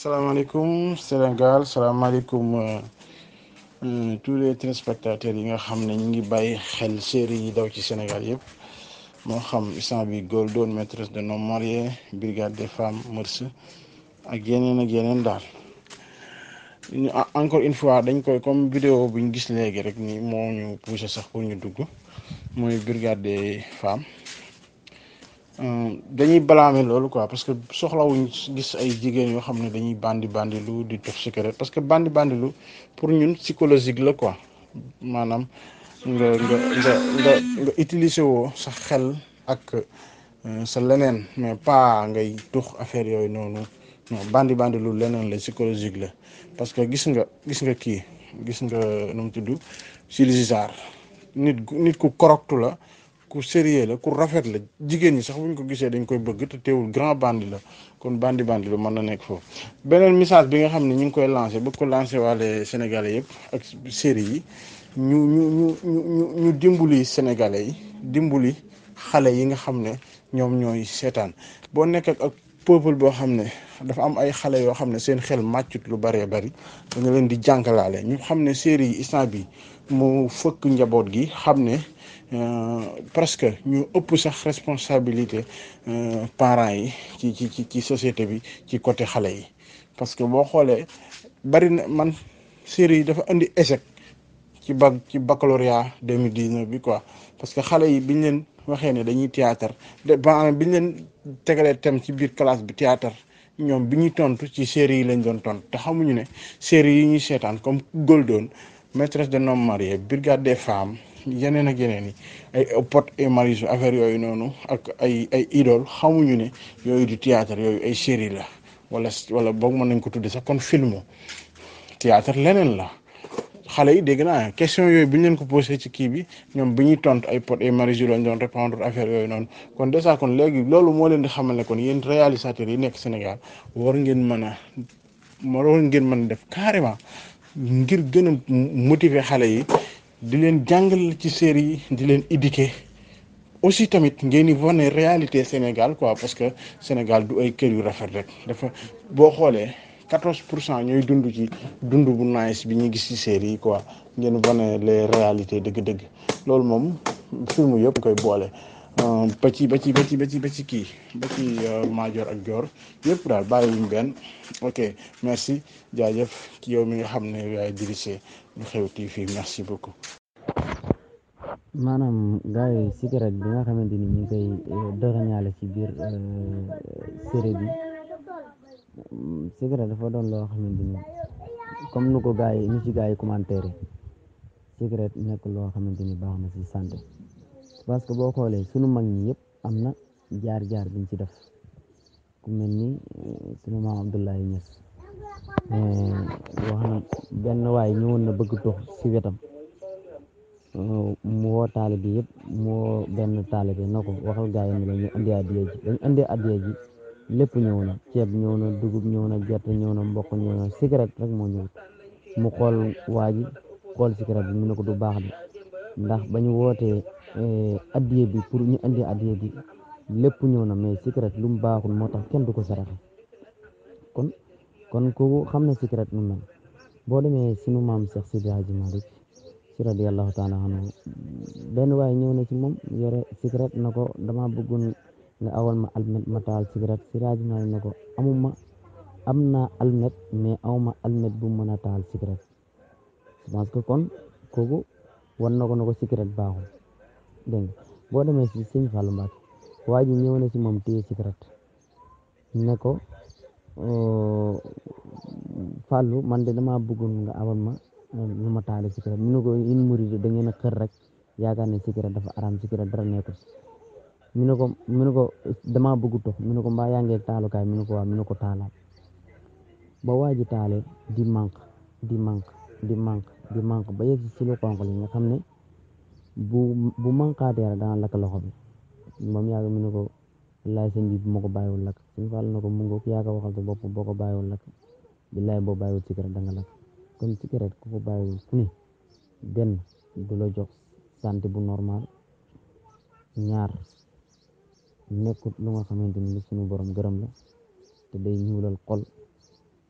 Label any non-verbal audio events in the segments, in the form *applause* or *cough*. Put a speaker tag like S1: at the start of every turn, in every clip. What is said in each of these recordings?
S1: salaamaaleykum Sénégal salaamaaleykum euh, tous les téléspectateurs yi nga xam ne ñu ngi bàyyi xel série yi daw ci Sénégal yëpp moo xam instant bi Golden maîtresse de homme marié brigade des femmes mœurs ak yeneen ak yeneen daal ñu encore une fois dañ koy comme vidéo bu ñu gis léegi rek ni moo ñu poussé sax pour ñu dugg mooy brigade des femmes Euh, dañuy blâmer loolu quoi parce que soxlawuñ gis ay jigéen yoo xam ne dañuy bandi bandi lu di tux cigarette parce que bandi bandi lu pour ñun psychologique la quoi maanaam nga nga utiliser woo sa xel ak euh, sa leneen mais pas ngay tux affaire yooyu noonu non bandi bandi lu leneen la psychologique la parce que gis nga gis nga kii gis nga nu mu tudd Sili Cissar nit nit ku koroktu la. ku sérieux la ku rafet la jigéen ñi sax bu ñu ko gisee dañ koy bëgg te teewul grand bandi la kon bandi bandi la man na nekk foofu beneen message bi nga xam ne ñu ngi koy lancé bëgg ko lancé waale sénégalais yëpp ak série yi ñu ñu ñu ñu dimbali sénégalais yi dimbali xale yi nga xam ne ñoom ñooy seetaan boo nekk ak peuple boo xam ne dafa am ay xale yoo xam ne seen xel màccut lu bëree bari da leen di jànkalaale ñu xam ne série yi instant bi mu fëkk njaboot gi xam ne Euh, presque ñu ëpp sax responsabilité euh, parents yi ci ci ci ci société bi ci côté xale yi parce que boo xoolee bari na man série yi dafa indi échec ci bac ci baccalauréat 2019 bi quoi parce que xale yi biñ leen waxee ne dañuy théâtre de maanaam biñ leen tegalee thème ci biir classe bi théâtre ñoom bi ñuy tontu ci série yi lañ doon tont te xamuñu ne série yi ñuy seetaan comme Golden maîtresse d'un homme marié brigade des femmes yeneen ak yeneen yi ay pot e marisu affaire yooyu noonu ak ay ay idole xamuñu ne yooyu du théâtre yooyu ay série la wala wala boog mën nañ ko tudde sax kon filmu théâtre leneen la xale yi dégg naa question yooyu bi ñu leen ko posé ci kii bi ñoom bi ñuy tontu ay pot et maris yu lañ répondre affaire yooyu noonu kon desa kon léegi loolu moo leen di xamal ne kon yéen réalisateurs yi nekk Sénégal war ngeen mën a war ngeen mën a def carrément ngir gën a motiver xale yi di leen jàngal ci série yi di leen éduquer aussi tamit ngeen di wane réalité Sénégal quoi parce que Sénégal du ay kër yu rafet rek dafa boo xoolee quatorze pour cent ñooy dundu ci dundu bu nice bi ñu gis ci série yi quoi ngeen wane les réalités dëgg-dëgg loolu moom film yëpp koy boole. ba ci ba ba ci ba ci kii ba ci maajoor ak joor yépp daal bàyyiwuñ benn ok merci jaajëf ki yow mi nga xam ne yaay dirigé lu xew TV merci beaucoup.
S2: maanaam gars yi bi nga xamante ni ñu ngi koy euh, dorañaale ci biir euh, série bi cigarette dafa doon loo xamante ni comme nu ko gars yi ni ci gars yi commentaire cigarette nekk loo xamante ni baax na ci santé. parce que boo xoolee sunu mag ñi yëpp am na jaar-jaar biñ ci def ku mel ni eh, sunu ma Abdoulaye Niass eh, wax na waay ñëwoon na bëgg dox si wetam eh, mu woo taalibe yëpp mu woo benn taalibe na ko waxal gaa yi ne la indi addiya ji dañ indi addiya ji lépp ñëw na ceeb ñëw na dugub ñëw na gerte ñëw na mboq ñëw na cigarette rek moo ñëw mu xool waa ji xool cigarette bi mu ne ko du baax de ndax ba wootee Eh, addiye bi pour ñu indi addiye bi lépp ñëw na mais cigarette lu mu baaxul moo tax kenn du ko saraxe kon kon kooku xam na cigarette nu mel boo demee sunu maam Cheikh Sidi Hadji Malick si radiyallahu taala anhu benn waaye ñëw na ci moom yore cigarette na ko dama bëggoon nga awal ma almet ma taal si Hadji Malick na ko amuma am naa almet mais awma almet bum mën a taal cigarette je que kon kooku wan na ko na ko cigarette baaxul dégg boo demee si sëñ Fallou Mbacke waa ji ñëw na si moom téye cigarette ne ko Fallou man de damaa bëggoon nga abal ma nu ma taale cigarette mu ne ko in muride da ngeen a xër rek yaakaar ne cigarette dafa araam cigarette dara nekkul mu ne ko mu ne ko damaa bëgg to mu ne ko mbaa yaa ngi taalukaay mu ne ko waa mu ko taalaat ba waa ji taale di manque di manque di manque ba yegg si lu xonq li nga xam ne bu bu manquaatee rek dana lakk loxo bi moom yàgg mu ne ko bu ma ko bàyyiwul lakk suñu fàll na ko mu ngoog yaa ko waxal sa bopp boo ko bàyyiwul lakk bi laay boo bàyyiwul cigarette da nga lakk kon cigarette ku ko bàyyiwul ku ne benn du la jox santé bu normal ñaar nekkut lu nga xamante ni lu suñu borom gërëm la te day ñuulal kol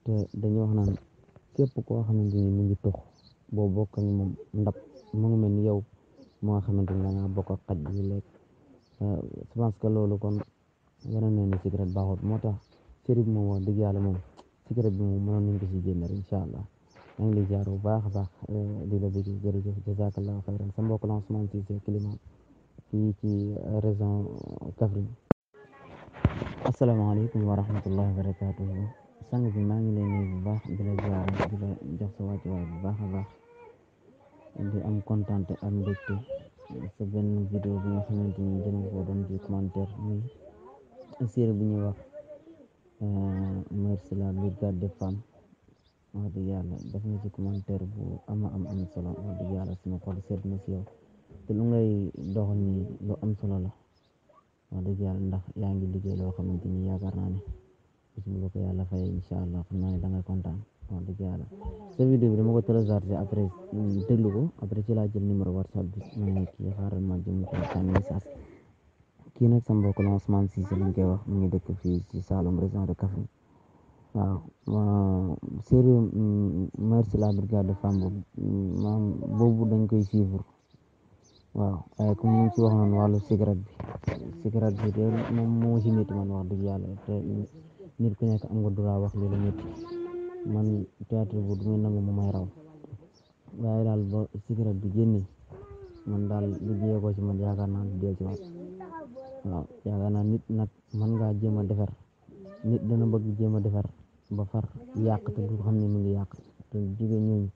S2: te dañuy wax naan képp koo xamante ni mu ngi tux boo bokk ak ndab mu ngi mel ni yow moo xamante ni da ngaa bokk ak xaj bi lekk euh, je que loolu kon wane na ne cigarette baaxut moo tax sëriñ moom wax dëgg yàlla moom cigarette bi moom mënoon nañ ko si génne rek incha allah maa ngi lay jaar bu baax a baax euh, di la bëgg jërëjëf jazakallahu xayran sa mbokk la Ousmane Cissé climat fii ci euh, région Kaffrine asalaamaaleykum wa rahmatullahi wa barakatuhu sang bi maa ngi lay nuyu bu baax di la jaar di la jox sa wàccuwaay bu baax a baax di am kontaan am mbégte sa benn vidéo bi nga xamante ni jël nga ko doon di commentaire muy bu ñuy wax euh, merci la brigade des femmes wax dëgg yàlla def na ci commentaire bu ama am am solo wax dëgg yàlla suma xol seet na si yow te lu ngay doxal am solo la wax dëgg ndax yaa ngi liggéey loo xamante ni yaakaar ne bis bu la ko yàlla fay incha allah xam naa ne da ngay kontaan wax dëgg yàlla sa vidéo bi dama ko téléchargé après mm, déglu ko après ci laa jël numéro whatsapp bi ma ne kii xaaral ma ko la Ousmane Cissé lañ koy wax mu ngi dëkk fii ci a région de Kaffrine waaw série mm, Merci la brigade de femmes mm, maam boobu dañ koy suivre waaw ay comme ni ci wax noonu wàllu cigarette bi cigarette bi de moom moo ci métti man wax dëgg yàlla te nit ku nekk am nga droit wax li la métti man théâtre bu du muy nangu mu may raw waaye daal ba secret bi génne man daal lu jiyee ko ci man yaakaar naa lu jiyee ci man waaw yaakaar naa nit nag mën ngaa jéem a defar nit da ba bëgg jéem a defar ba far yàq te du xam ne mu ngi yàq te jigéen ñooñu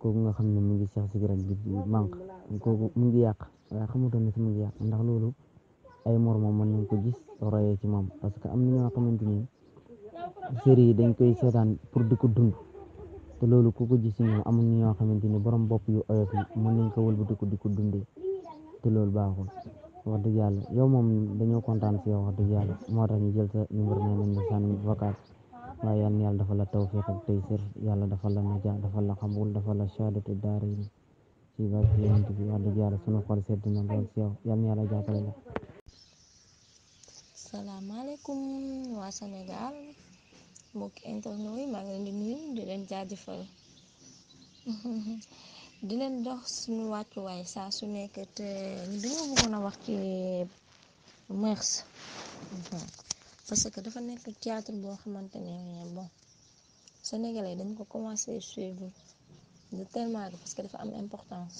S2: kooku nga xam ne mu ngi sax cigarette bi manque kooku mu ngi yàq waaye xamutoon ne si mu ngi yàq ndax loolu ay moromam mën nañ ko gis royee ci moom parce que am na ñoo xamante ni série yi dañ koy seetaan pour di ko dund te loolu ku ko gis ñoom amuñu ñoo xamante ni borom bopp yu oyof yi mën nañ ko wëlbatiku di ko dundee te loolu baaxul wax dëgg yàlla yow moom dañoo kontaan si yow wax dëgg yàlla moo tax ñu jël sa numéro nee nañ la sànni vocal waaye yal dafa la tawfiq ak taysir yàlla dafa la naja dafa la xamul dafa la shahadatu daara yi ci barke yonent bi wax dëgg yàlla sunu xol sedd na lool si yow yal na yàlla jàppale la.
S3: mbokki internet yi maa ngi leen di nuyu di leen jaajëfal *laughs* di leen dox suñu wàccuwaay saa su nekk te dañoo bëggoon a wax ci mœurs *laughs* parce que dafa nekk théâtre boo xamante ne bon sénégalais dañ ko commencé suivre de tellement parce que dafa am importance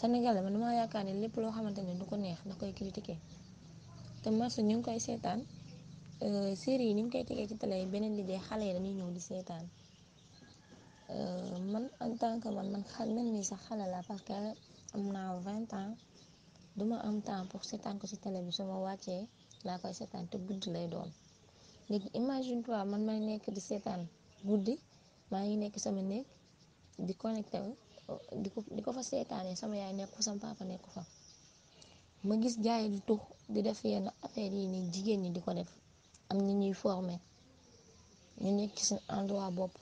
S3: sénégalais man damaa yaakaar ne lépp loo xamante ne du ko neex da koy critiquer te mœurs ñu ngi koy seetaan. série yi ni ñu koy tegee ci télé yi beneen bi dee xale yi dañuy ñëw di seetaan man en tant man man xam mel ni sax xale laa parce que am naa vingt ans duma am temps pour seetaan ko ci télé bi su ma wàccee laa koy seetaan te guddi lay doon léegi imagine toi man may nekk di seetaan guddi maa ngi nekk sama néeg di connecté di ko di ko fa seetaanee sama yaay nekk ko sama papa nekk fa ma gis gars yi di tux di def yenn affaire yi nii jigéen ñi di ko def am ñu ñuy forme ñu nekk ci seen endroit bopp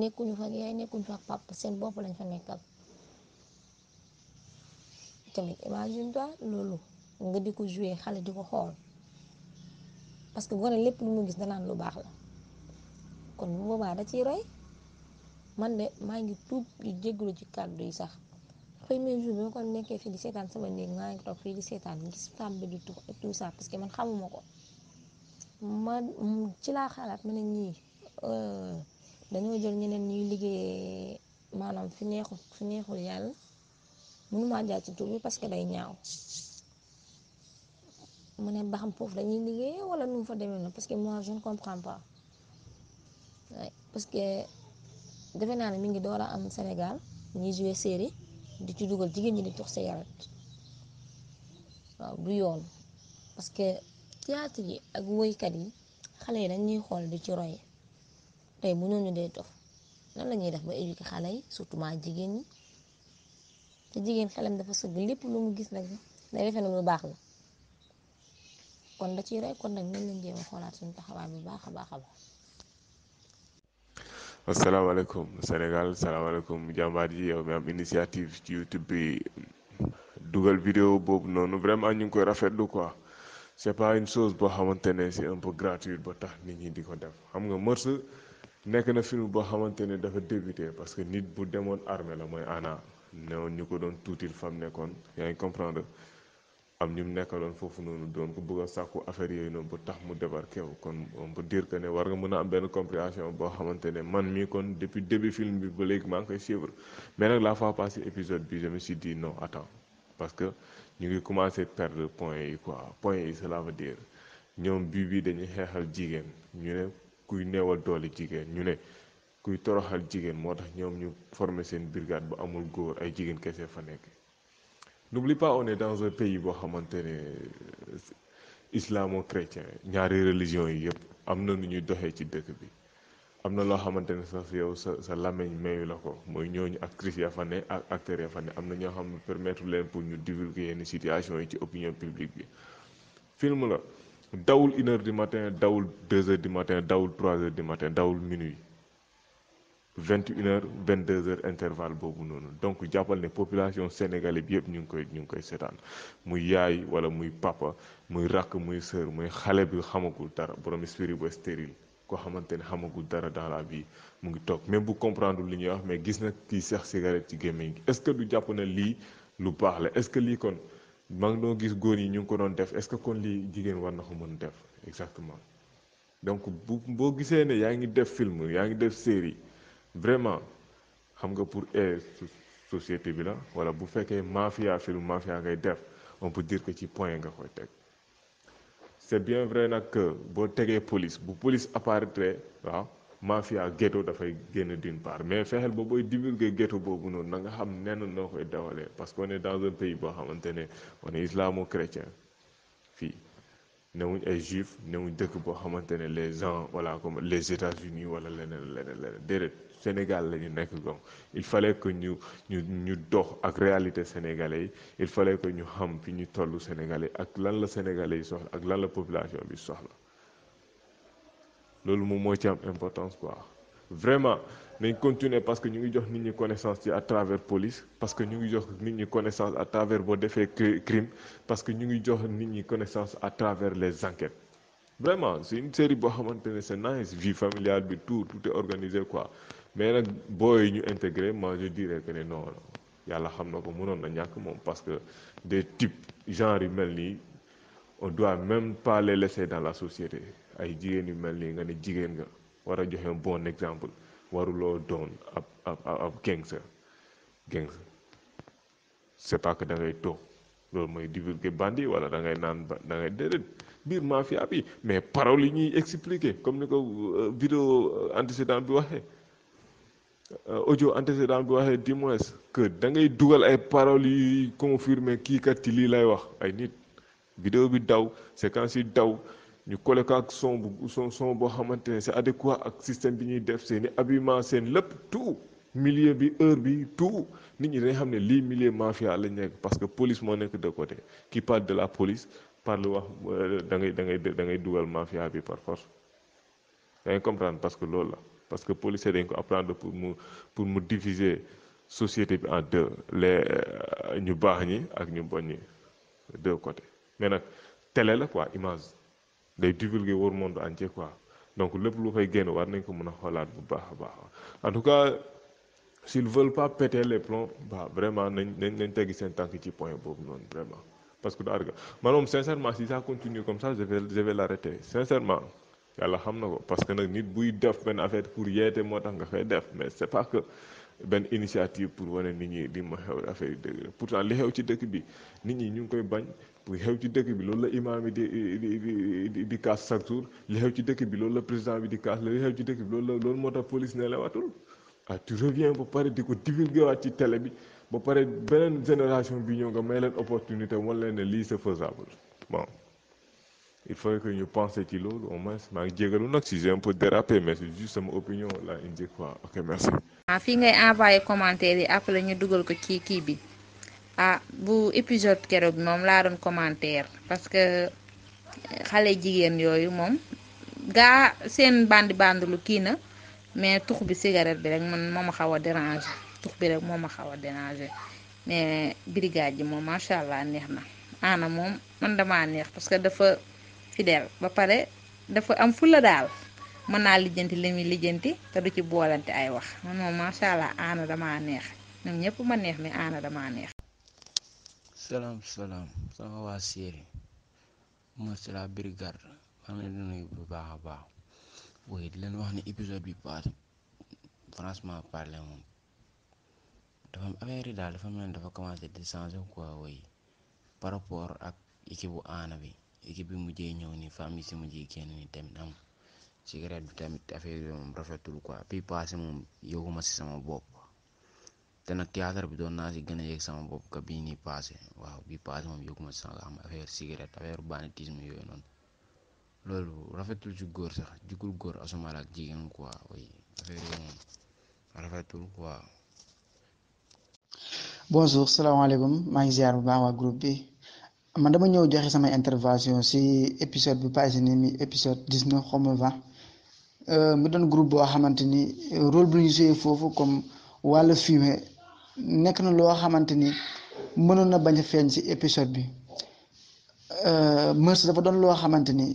S3: nekkuñu fa yaay nekkuñu fa pap seen bopp lañ fa nekkal tamit imagine toi loolu nga di ko jouer xale di ko xool parce que gone lépp lu mu gis danaan lu baax la kon bu boobaa da ciy roy man de maa ngi tuub di jégalu ci kàddu yi sax ko nekkee fii di seetaan sama néeg maa toog fii di seetaan gis femme bi di tout ça parce que man xamuma ko. ma mm, ci laa xalaat ma ne ñii euh, dañoo jël ñeneen ñuy liggéeyee maanaam fi neexul fi neexul yàlla mënumaa jaar ci tur bi parce que day ñaaw mu ne ba xam foofu dañuy liggéeyee wala nu mu fa demee na parce que moi je ne comprends pas parce que defe naa ne mi ngi door a am Sénégal ñuy joué série di ci dugal jigéen ñi di tux cigarette waaw du yoon parce siyaasi yi ak woykat yi xale yi dañuy xool di ci roy tey bu ñooñu dee dof nan lañuy def ba éduquer xale yi surtout ma jigéen ñi te jigéen xelam dafa sëgg lépp lu mu gis nag day defee ne lu baax la kon da ci roy kon nag nañ leen jéem a xoolaat suñu taxawaay bu baax a baax a baax.
S4: asalaamaaleykum Sénégal salaamaaleykum jàmbaar ji yow mi am initiative ci YouTube bi dugal vidéo boobu noonu vraiment ñu ngi koy rafetlu quoi. c'est pas une chose boo xamante ne c'est un peu gratuite tax nit ñi di ko def xam nga Mœurs nekk na film boo xamante ne dafa débuté parce que nit bu demoon armée la mooy ana newoon ñu ko doon tuutil fam nekkoon yaa ngi comprendre am ñu mu nekkaloon foofu noonu doon ko bëgg sàkku affaire yooyu noonu ba tax mu débarqué wu kon on peut dire ne war nga mën a am benn compréhension boo xamante ne man mii kon depuis début film bi ba léegi maa ngi koy suivre mais nag la fois passée épisode bi je me suis dit ñu ngi commencé perdre point yi quoi point yi cela veut ñoom bii bii dañuy xeexal jigéen ñu ne kuy neewal doole jigéen ñu ne kuy toroxal jigéen moo tax ñoom ñu former seen brigade bu amul góor ay jigéen kese fa nekk. n'oublie pas on dans un pays boo xamante ne euh, islamo-chrétien ñaari religion yi yëpp am na nu ñuy doxee ci dëkk bi. am na loo xamante ne sax yow sa sa làmmiñ mayu la ko mooy ñooñu actrice ya fa ne ak acteurs ya fa ne am na ñoo xam ne permettre leen pour ñu divulguer ni situation yi ci opinion publique bi film la dawul une heure du matin dawul deux heures du matin dawul trois heures du dawul minuit vingt une vingt deux heures intervalle boobu noonu donc jàppal ne population sénégalais bi yëpp ñu ngi koy ñu ngi koy seetaan muy yaay wala muy papa muy rakk muy sœur muy xale bi xamagul dara borom esprit bu koo xamante ne xamagul dara dans la vie mu ngi toog mais bu comprendre li ñuy wax mais gis nag kii seex cigarette ci gémmiñ gi est-ce que du jàpp na lii lu baax la est-ce que lii kon maa noo gis góor yi ñu ngi ko doon def est-ce que kon lii jigéen war na ko mën def exactement donc bu boo gisee ne yaa ngi def film yaa ngi def série vraiment xam nga pour société bi la wala bu fekkee mafia film mafia ngay def on peut dire que ci point nga koy teg. c' est bien vrai nag boo tegee police bu police apparaître waaw mafia ghetto dafay génn d'une part mais fexeel ba booy divulguer boobu noonu na nga xam nenn noo koy dawalee parce que on est dans un pays boo xamante ne on est islamo-chrétien fii newuñ ay juif newuñ dëkk boo xamante ne les gens voilà comme les États-Unis wala leneen leneen leneen déedéet. Sénégal la nekk gom il fallait que ñu ñu ñu dox ak réalité sénégalais yi il fale que ñu xam fi ñu tollu sénégalais ak lan la sénégalais yi soxla ak lan la population bi soxla loolu moom moo ci am importance quoi vraiment nañ continuer parce que ñu ngi jox nit ñi connaissance ci à travers police parce que ñu ngi jox nit ñi connaissance à travers boo defee crime parce que ñu ngi jox nit ñi connaissance à travers les enquêtes vraiment c'est une série boo xamante ne c'est nice vie familiale bi tout tout est organisé mais nag booy yi ñu intégré moi je dirais que ne non yàlla xam na ko mënoon na ñàkk moom parce que des type genre yu mel nii on doit même pas les laisser dans la société ay jigéen yu mel nii nga ne jigéen nga war a joxe un bon exemple waruloo doon ab ab ab gangster gangster c'est pas que da toog loolu mooy divulguer bandi wala da ngay naan ba da ngay déedéet biir mafia mais parole yi ñuy expliquer comme ni ko euh, vidéo euh, antécédent bi waxe Euh, audio antécédent bi waxee du moins que da ngay dugal ay paroles yuy confirmer kii kat ci lii lay wax ay nit vidéo bi daw séquence yi daw ñu collé ko ak son bu son boo xamante ne c'est adéquat ak système bi ñuy def seen i habillement seen lépp tout milieu bi heure bi tout nit ñi dañ xam ne lii milieu mafia lañ nekk parce que police moo nekk de côté qui de la police parle wax euh, da ngay da ngay da ngay dugal mafia bi par force da ngay parce que loolu la. parce que policier dañ ko apprendre pour mu pour mu diviser société bi en deux les euh, ñu baax ñi ak ñu bon ñi deux côtés mais nag télé la quoi image day divulguer wër monde entier quoi donc lépp lu koy génn war nañ ko mun a xoolaat bu baax a baax en tout cas s'ils veulent pas péter les plombs bah vraiment nañ nañ nañ teggi seen tànk ci point boobu noonu vraiment parce que daal man moom sincèrement si ça continue comme ça je vais je sincèrement. yàlla xam na ko parce que nag nit buy def benn affaire pour yeete moo tax nga koy def mais c'est pas que benn initiative pour wane nit ñi di ma xew affaire yi dëgg la pourtant li xew ci dëkk bi nit ñi ñu ngi koy bañ pour xew ci dëkk bi loolu la imaam yi di di di kaas chaque jour li xew ci dëkk bi loolu la président bi di kaas li xew ci dëkk bi loolu la loolu moo tax police ne lewatul ah tu reviens ba pare di ko divulguer waat ci télé bi ba pare beneen génération bi ñëw nga may leen opportunité wan leen ne lii c'est faisable il faut que ñu pensé ci
S3: ah, fii ngay envoyé commentaire yi après ñu dugal ko ci kii bi ah bu épisode keroog moom laa doon commentaire parce que xale jigéen yooyu moom gaa seen bandi bandi lu kii na mais tux bi cigarette bi rek man moo ma xaw a déranger tux bi rek moo ma xaw a déranger mais brigade ji moom macha allah neex na ana moom man damaa neex parce que dafa. fidèle ba pare dafa am fula daal mën naa lijjanti li muy lijjanti te du ci boolante ay wax man moom macha allah aana damaa neex ñoom ñëpp ma neex mais aana damaa neex.
S5: salaam salaam sama waa séeri ma si la brigade maa baax a baax waaye di leen wax ne épisode bi dafa am affaire daal dafa mel ni dafa commencé di changer quoi waaye par rapport ak équipe bu aana bi. équipe bi mujjee ñëw ni famille si mujjee génn ni tamit am cigarette bi tamit affaire yi moom rafetul quoi bii passé moom yëguma si sama bopp te nag théâtre bi doon naa si gën a yëg sama bopp ka bii nii passé waaw bii passé moom yëguma si sama am affaire cigarette affaire yooyu noonu loolu rafetul ci góor sax jugul góor asuma ak jigéen quoi oui yooyu moom rafetul quoi. bonjour salaamaaleykum maa ngi bu baax waa groupe bi. man dama ñëw joxe sama intervention si épisode bu passé nii mi épisode dix neuf xaw ma vingt euh, mu doon groupe boo xamante ni rôle bu ñu joué foofu comme wàllu fumier nekk na loo xamante ni mënoon na bañ a feeñ si épisode bi euh, mœurs dafa doon loo xamante ni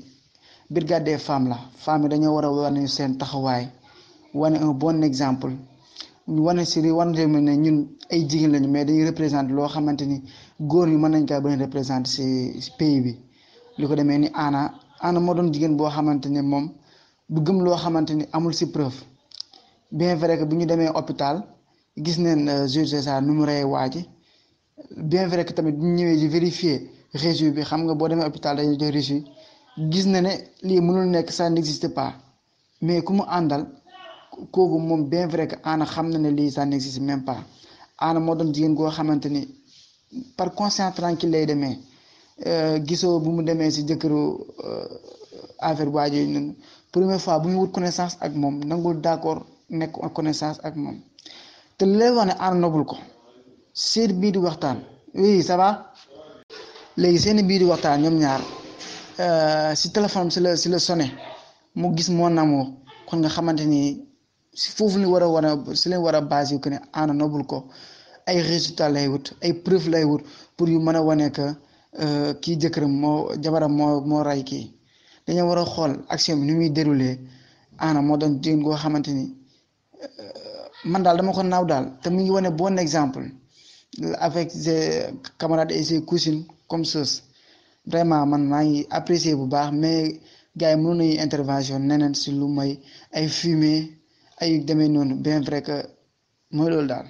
S5: brigade des femmes la femmes yi dañoo war a wane seen taxawaay wane un bon exemple wane si wane ne ñun ay jigéen lañu mais dañuy représenté loo xamante ni. góor ñi mën nañ kaa bañ représenté si si pays bi li ko demee ni ana ana moo doon jigéen boo xamante ne moom bu gëm loo xamante ni amul si preuve bien vrai que bu ñu demee hôpital gis ne euh, juge ça nu waa ji bien vrai que tamit bu ñu ñëwee di vérifier reçu bi xam nga boo demee hôpital dañuy jox reçu gis na ne lii mënul nekk ça n'existe pas mais ku mu àndal kooku moom bien vrai que ana xam na ne lii ça n'existe même pas ana moo doon jigéen goo xamante par conscient tranquille lay demee euh, gisoo bu mu demee si jëkkëru euh, affaire bu waajooju noonu première fois bu ñu wut connaissance ak moom nangul d'accord nekk connaissance ak moom te lay wax ne ànd nobul ko seen bii di waxtaan oui ça léegi seen bii di waxtaan ñoom ñaar euh, si téléphone si la si mu gis moo amour kon nga xamante ni si foofu lañ war a war a si lañ war a base ko que ne ànd nobul ko ay résultat lay wut ay preuve lay wut pour yu mën a wane que euh, kii jëkkëram moo jabaram moo ray kii dañoo war a xool action bi ni muy déroulé ana moo doon jigéen goo xamante ni euh, man daal dama ko naaw daal te mu ngi wane bon exemple avec ses camarades et comme chose vraiment man maa ngi apprécier bu baax mais gars yi nañu intervention neneen si lu may ay fumier ay deme noonu bien vrai que mooy loolu daal